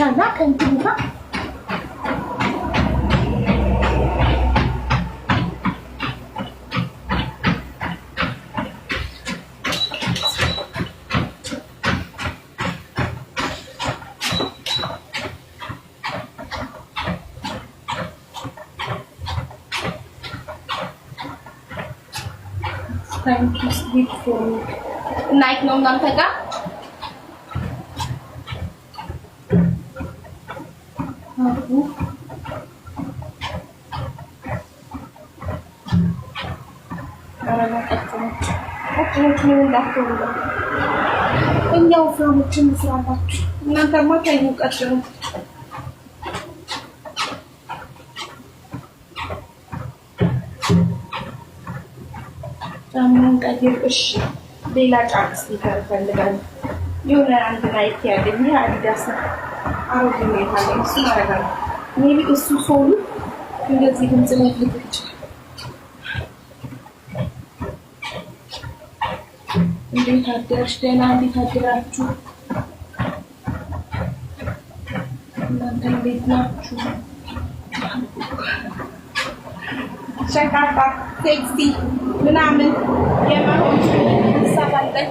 sản giác hình Trung Quốc Thank you, sweet food. Nike no, none, take up. እኛው ፍራሞችን እንስራላችሁ። እናንተማ ተኙ ቀጥሉ። ጫማውን ቀይር። እሺ፣ ሌላ ጫማ ስኒከር እፈልጋለሁ። የሆነ አንድ ናይት ያገኘ አዲዳስ ነው። አሮጌ እሱ ማለት ነው። ሜቢ እሱ ሆኑ እንደዚህ ድምፅ መፍልቅ ይችላል። እንዴት አደርሽ? ደህና እንዴት አደራችሁ? እናንተ እንዴት ናችሁ? ሸካፋ ሴክሲ ምናምን የመሆን ሳባለች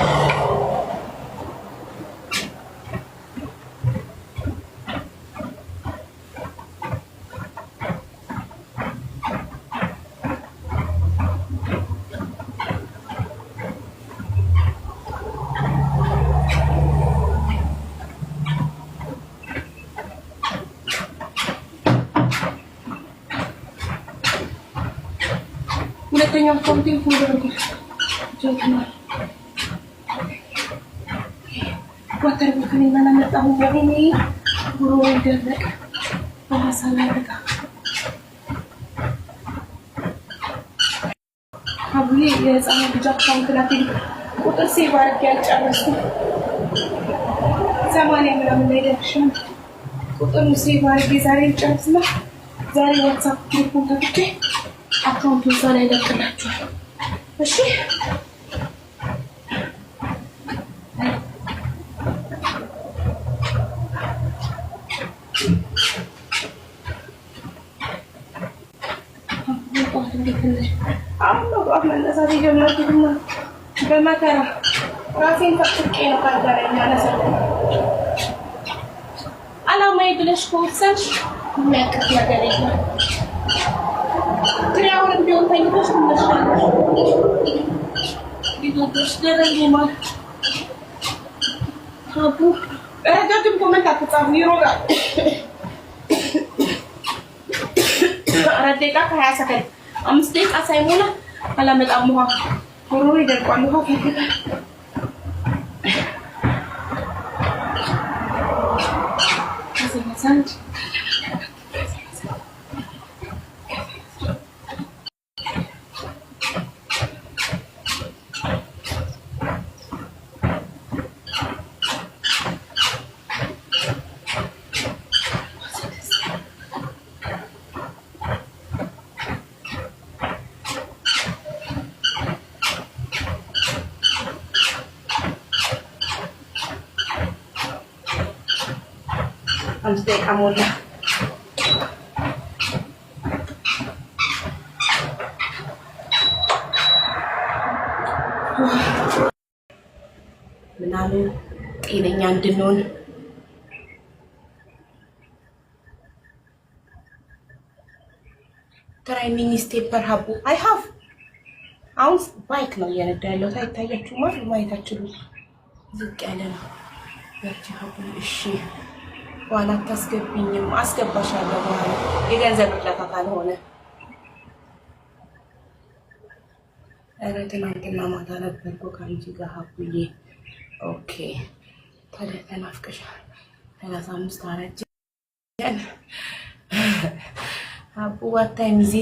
क्या करती हूँ फूल को जोतना पत्थर को खरीद ना मिलता हूँ वही नहीं गुरु इंटरनेट बहुत सारा लगता हम ये ये सामने जब काम कराती हूँ वो तो सेवा क्या चार रस्ते सामाने मेरा मेरे रक्षण वो तो नुसी बार की सारी चांस ना सारी व्हाट्सएप ग्रुप में करते አካውንቱ እዛ ላይ ለቅላችኋል። እሺ ጠዋት መነሳት የጀመርኩት በመከራ ራሴን ጠብቄ ነው። ካልጋራ የሚያነሳ አላማዬ ብለሽ ከወሰንሽ የሚያቅት ነገር የለም። Today I want to build my personal challenge. You do this little woman. आपको पहले तो तुमको मैं थकता नहीं होगा अरे का kaya sa akin. Ang mistake asay mo na. Alam mo ang mukha. Puro rin ko ang mukha. አምስት ደቂቃ ሞላ። ምናምን ጤነኛ እንድንሆን ፕራይም ሚኒስቴር በርሃቡ አይ ሀቭ አሁን ባይክ ነው እየነዳ ያለው ታይታያችሁ ማለት ማየታችሁ ዝቅ ያለ ነው። እሺ በኋላ አታስገቢኝም፣ አስገባሻለሁ በኋላ የገንዘብ እርዳታ ካልሆነ። ኧረ ትናንትና ማታ ነበርኩ ከአንቺ ጋር ሀቡዬ። ኦኬ ታዲያ ተናፍቀሻል። ሰላሳ አምስት አረጀ ሀቡ ዋት ታይም ኢዝ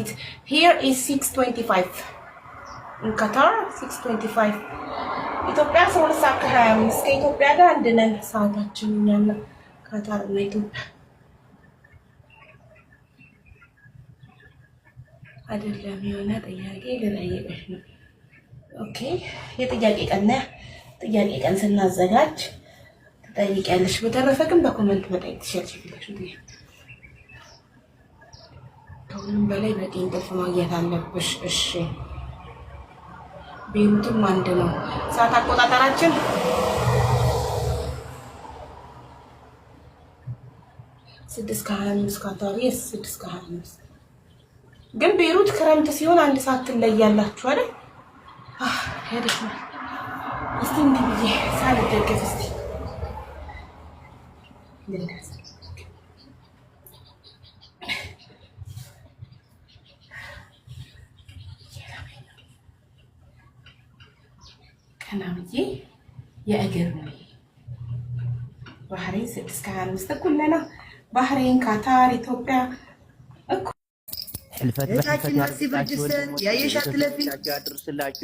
ሂር ኢዝ ሲክስ ትዌንቲ ፋይቭ ካታር ሲክስ ትዌንቲ ፋይቭ ኢትዮጵያ አስራ ሰዓት ከሀያ አምስት ከኢትዮጵያ ጋር አንድ ነን ሰዓታችን እኛ ነው ከታር እና ኢትዮጵያ አይደለም። የሆነ ጥያቄ ልጠይቅሽ ነው። ኦኬ የጥያቄ ቀን ጥያቄ ቀን ስናዘጋጅ ትጠይቂያለሽ። በተረፈ ግን በኮመንት መጠየቅ ትችያለሽ። ከሁሉም በላይ በቂ እንቅልፍ ማግኘት አለብሽ። እሺ ቤሩትም አንድ ነው። ሰዓት አቆጣጠራችን ስድስት ከሀያ አምስት ከአካባቢ ስድስት ከሀያ አምስት ግን ቤሩት ክረምት ሲሆን አንድ ሰዓት ትለያላችሁ አይደል? ሄደሽ ነው እስቲ እንዲህ ብዬ ሳልደገፍ እስቲ የእግር ነው ስድስት ከሀያ አምስት እኩል ባህሬን፣ ካታር፣ ኢትዮጵያ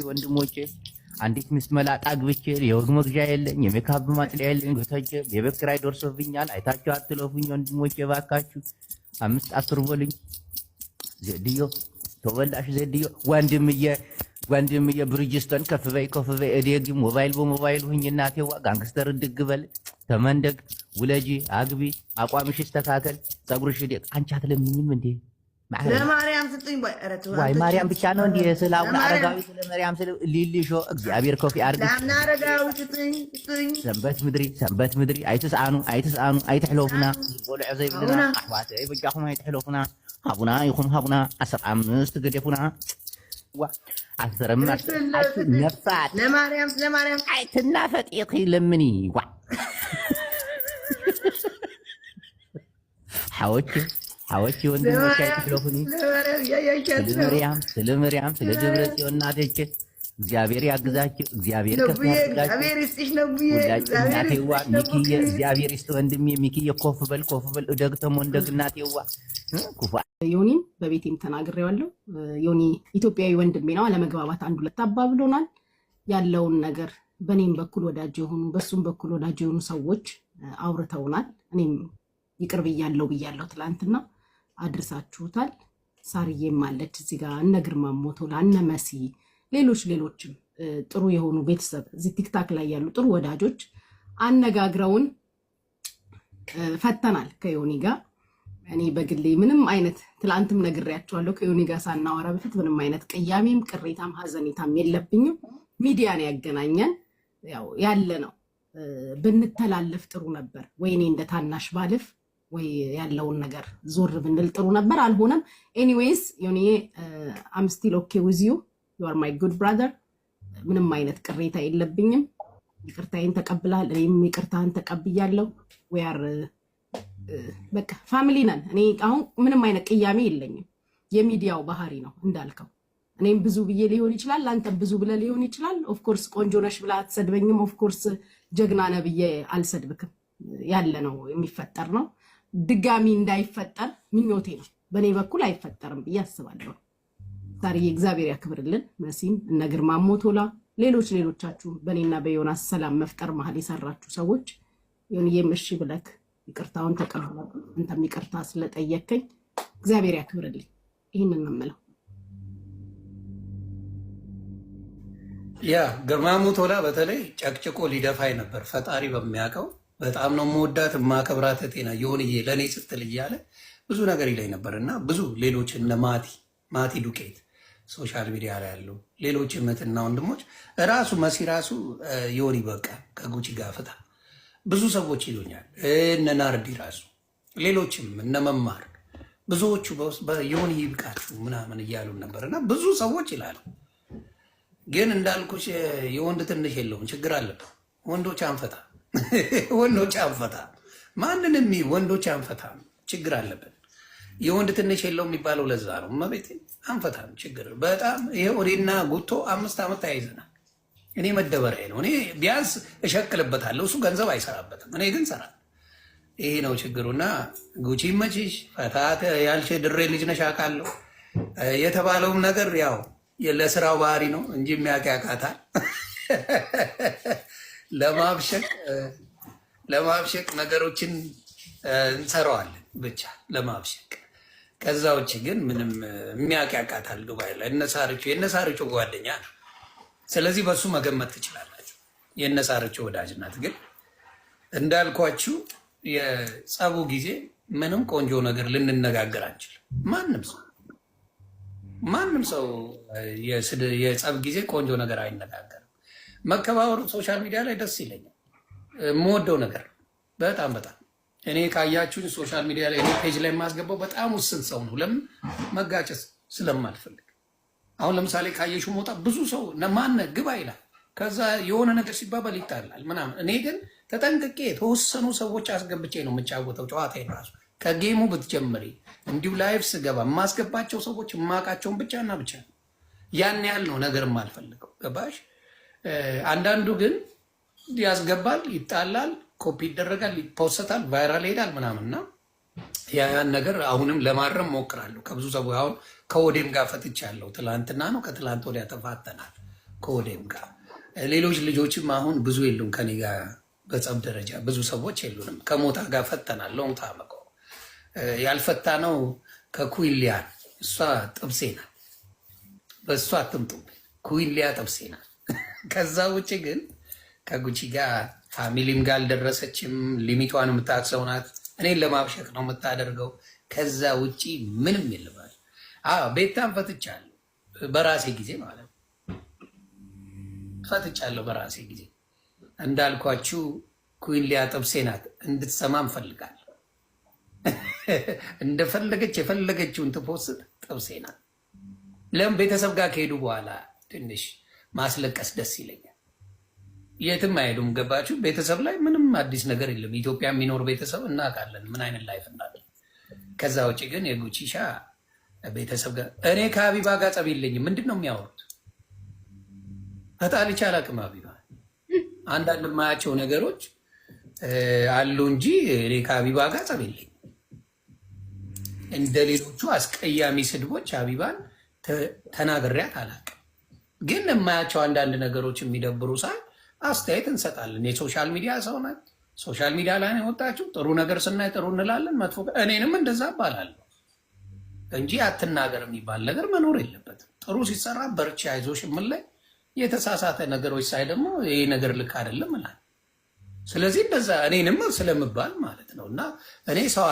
ወንድሞቼ። አንዲት ሚስት መላጣ አግብቼ የወግ መግዣ የለኝ የሜካፕ ማጥለያ የለኝ የቤት ኪራይ ደርሶብኛል። አይታችሁ አትለፉኝ ወንድሞቼ እባካችሁ። አምስት አስር ቦልኝ ዘድዮ ተወላሽ ወንድምዬ ወንድም የብሪጅስቶን ከፍበይ ከፍበይ እዴግ ሞባይል በሞባይል ሁኝ እናቴዋ ጋንግስተር እንድግበል ተመንደግ ውለጂ አግቢ አቋምሽ ተካከል ጸጉርሽ ዴቅ አንቺ አትለምኝም እንዴ? ለማርያም ስጡኝ ወይ ማርያም ብቻ ነው እንዲህ ስለ አቡነ አረጋዊ ስለ ማርያም ስለ ሊሊሾ እግዚአብሔር ኮፊ አርግ አቡነ አረጋዊ ስጡኝ። ሰንበት ምድሪ ሰንበት ምድሪ ኣይትስኣኑ ኣይትስኣኑ ኣይትሕለፉና ዝበልዖ ዘይብልና ኣሕዋት ይበጃኹም ኣይትሕለፉና ሃቡና ይኹም ሃቡና ዓሰርተ አምስት ገደፉና አስረማ ነፍሳት ለማርያም ለማርያም አይትና ፈጤኺ ለምን ዋ ሓወቺ ሓወቺ ወንድሞቻይ ክፍለኹኒ ስለ ማርያም ስለ ማርያም ስለ ደብረ ጽዮን እናተቼ እግዚአብሔር ያግዛችሁ። እግዚአብሔር እግዚአብሔር ሚኪየ እግዚአብሔር ይስጥ ወንድሜ ሚኪየ ኮፍ በል ኮፍ በል ደግተሞ እንደግ እናቴዋ ኩፋ ዮኒ በቤቴም ተናግሬዋለሁ። ዮኒ ኢትዮጵያዊ ወንድሜ ነው። አለመግባባት አንድ ሁለት አባብሎናል። ያለውን ነገር በእኔም በኩል ወዳጅ የሆኑ በእሱም በኩል ወዳጅ የሆኑ ሰዎች አውርተውናል። እኔም ይቅር ብያለሁ ብያለሁ። ትላንትና አድርሳችሁታል። ሳርዬም አለች እዚህ ጋር እነ ግርማ ሞቶላ እነ መሲ ሌሎች ሌሎችም ጥሩ የሆኑ ቤተሰብ እዚህ ቲክታክ ላይ ያሉ ጥሩ ወዳጆች አነጋግረውን ፈተናል ከዮኒ ጋር። እኔ በግሌ ምንም አይነት ትላንትም ነግሬያቸዋለሁ። ከዮኒ ጋር ሳናወራ በፊት ምንም አይነት ቅያሜም፣ ቅሬታም፣ ሀዘኔታም የለብኝም። ሚዲያን ያገናኘን ያው ያለ ነው። ብንተላለፍ ጥሩ ነበር ወይ እኔ እንደ ታናሽ ባልፍ ወይ ያለውን ነገር ዞር ብንል ጥሩ ነበር። አልሆነም። ኤኒዌይስ ዮኒዬ አምስቲል ኦኬ ውዚዩ ዩአር ማይ ጉድ ብራዘር። ምንም አይነት ቅሬታ የለብኝም። ይቅርታዬን ተቀብላል። እኔም ይቅርታህን ተቀብያለሁ። ወያር uh, በቃ ፋሚሊ ነን። እኔ አሁን ምንም አይነት ቅያሜ የለኝም። የሚዲያው ባህሪ ነው እንዳልከው። እኔም ብዙ ብዬ ሊሆን ይችላል፣ አንተም ብዙ ብለ ሊሆን ይችላል። ኦፍኮርስ ቆንጆ ነሽ ብለ አትሰድበኝም። ኦፍኮርስ ጀግና ነህ ብዬ አልሰድብክም። ያለ ነው የሚፈጠር ነው። ድጋሚ እንዳይፈጠር ምኞቴ ነው። በእኔ በኩል አይፈጠርም ብዬ አስባለሁ። ዛሬ እግዚአብሔር ያክብርልን። መሲም እነ ግርማ ሞቶላ፣ ሌሎች ሌሎቻችሁ በእኔና በዮናስ ሰላም መፍጠር መሀል የሰራችሁ ሰዎች ዮንዬም እሺ ብለክ ይቅርታውን ተቀበለ። አንተም ይቅርታ ስለጠየከኝ እግዚአብሔር ያክብርልኝ። ይህንን ምምለው ያ ግርማ ሞቶላ በተለይ ጨቅጭቆ ሊደፋኝ ነበር። ፈጣሪ በሚያውቀው በጣም ነው መወዳት ማከብራት ጤና ዮንዬ ለእኔ ስትል እያለ ብዙ ነገር ይለኝ ነበር እና ብዙ ሌሎች እነ ማቲ ማቲ ዱቄት ሶሻል ሚዲያ ላይ ያለው ሌሎች እህትና ወንድሞች ራሱ መሲ ራሱ የሆን በቃ ከጉቺ ጋር ፍታ ብዙ ሰዎች ይሉኛል። እነ ናርዲ ራሱ ሌሎችም እነ መማር ብዙዎቹ የሆን ይብቃችሁ ምናምን እያሉ ነበር እና ብዙ ሰዎች ይላሉ። ግን እንዳልኩሽ የወንድ ትንሽ የለውም ችግር አለበት። ወንዶች አንፈታ፣ ወንዶች አንፈታ፣ ማንንም ወንዶች አንፈታ፣ ችግር አለበት። የወንድ ትንሽ የለው የሚባለው ለዛ ነው። እመቤቴ አንፈታም፣ ችግር በጣም ይሄ ወዴና ጉቶ አምስት ዓመት ተያይዘናል። እኔ መደበሪያ ነው። እኔ ቢያንስ እሸክልበታለሁ፣ እሱ ገንዘብ አይሰራበትም፣ እኔ ግን ሰራ። ይሄ ነው እና ጉቺ መችሽ ፈታት ያልሽ ድሬ ልጅ ነሽ አውቃለሁ። የተባለውም ነገር ያው ለስራው ባህሪ ነው እንጂ የሚያውቅ ያውቃታል። ለማብሸቅ ለማብሸቅ ነገሮችን እንሰራዋለን ብቻ ለማብሸቅ ከዛ ውጭ ግን ምንም የሚያውቅ ያውቃታል። ዱባይ ላይ እነሳርቸው የእነሳርቸው ጓደኛ ነው። ስለዚህ በሱ መገመት ትችላላችሁ። የእነሳርቸው ወዳጅ ናት። ግን እንዳልኳችሁ የጸቡ ጊዜ ምንም ቆንጆ ነገር ልንነጋገር አንችልም። ማንም ሰው ማንም ሰው የጸብ ጊዜ ቆንጆ ነገር አይነጋገርም። መከባበሩ ሶሻል ሚዲያ ላይ ደስ ይለኛል፣ የምወደው ነገር በጣም በጣም እኔ ካያችሁኝ ሶሻል ሚዲያ ላይ ፔጅ ላይ የማስገባው በጣም ውስን ሰው ነው። ለምን መጋጨት ስለማልፈልግ። አሁን ለምሳሌ ካየሽው ሞጣ ብዙ ሰው ማነ ግባ ይላል። ከዛ የሆነ ነገር ሲባባል ይጣላል ምናምን። እኔ ግን ተጠንቅቄ የተወሰኑ ሰዎች አስገብቼ ነው የምጫወተው። ጨዋታ ራሱ ከጌሙ ብትጀምሪ እንዲሁ ላይፍ ስገባ የማስገባቸው ሰዎች የማውቃቸውን ብቻና ብቻ ነው። ያን ያህል ነው ነገር የማልፈልገው ገባሽ። አንዳንዱ ግን ያስገባል፣ ይጣላል ኮፒ ይደረጋል፣ ይፖሰታል፣ ቫይራል ይሄዳል ምናምን እና ያን ነገር አሁንም ለማረም ሞክራለሁ። ከብዙ ሰው አሁን ከወዴም ጋር ፈትቻለሁ። ትላንትና ነው ከትላንት ወዲያ ተፋተናል ከወዴም ጋር። ሌሎች ልጆችም አሁን ብዙ የሉም ከኔ ጋር በጸብ ደረጃ ብዙ ሰዎች የሉንም። ከሞታ ጋር ፈተናል። ለውም ታመቀ ያልፈታ ነው ከኩይሊያ እሷ ጥብሴ ናት። በእሷ አትምጡ። ኩይሊያ ጥብሴ ናት። ከዛ ውጭ ግን ከጉቺ ጋር ፋሚሊም ጋር አልደረሰችም። ሊሚቷን የምታውቅ ሰው ናት። እኔን ለማብሸቅ ነው የምታደርገው። ከዛ ውጪ ምንም የለባል። ቤታን ፈትቻለሁ፣ በራሴ ጊዜ ማለት ፈትቻለሁ፣ በራሴ ጊዜ እንዳልኳችሁ ኩን ሊያጠብ ናት። እንድትሰማ እንፈልጋለን። እንደፈለገች የፈለገችውን ትፖስት ጥብሴ ናት። ለም ቤተሰብ ጋር ከሄዱ በኋላ ትንሽ ማስለቀስ ደስ ይለኛል። የትም አይሄዱም። ገባችሁ? ቤተሰብ ላይ ምንም አዲስ ነገር የለም። ኢትዮጵያ የሚኖር ቤተሰብ እናውቃለን ምን አይነት ላይፍ እናለ። ከዛ ውጭ ግን የጉቺሻ ቤተሰብ ጋር እኔ ከሀቢባ ጋር ጸብ የለኝም። ምንድን ነው የሚያወሩት? ተጣልቼ አላውቅም። ሀቢባ አንዳንድ የማያቸው ነገሮች አሉ እንጂ እኔ ከሀቢባ ጋር ጸብ የለኝም። እንደ ሌሎቹ አስቀያሚ ስድቦች ሀቢባን ተናግሬያት አላውቅም። ግን የማያቸው አንዳንድ ነገሮች የሚደብሩ ሳይ አስተያየት እንሰጣለን። የሶሻል ሚዲያ ሰው ናት። ሶሻል ሚዲያ ላይ የወጣችው ጥሩ ነገር ስናይ ጥሩ እንላለን፣ መጥፎ እኔንም እንደዛ እባላለሁ እንጂ አትናገር የሚባል ነገር መኖር የለበትም። ጥሩ ሲሰራ በርቺ፣ አይዞሽ ምን ላይ የተሳሳተ ነገሮች ሳይ ደግሞ ይህ ነገር ልክ አይደለም እላለሁ። ስለዚህ እንደዛ እኔንም ስለምባል ማለት ነው እና እኔ ሰው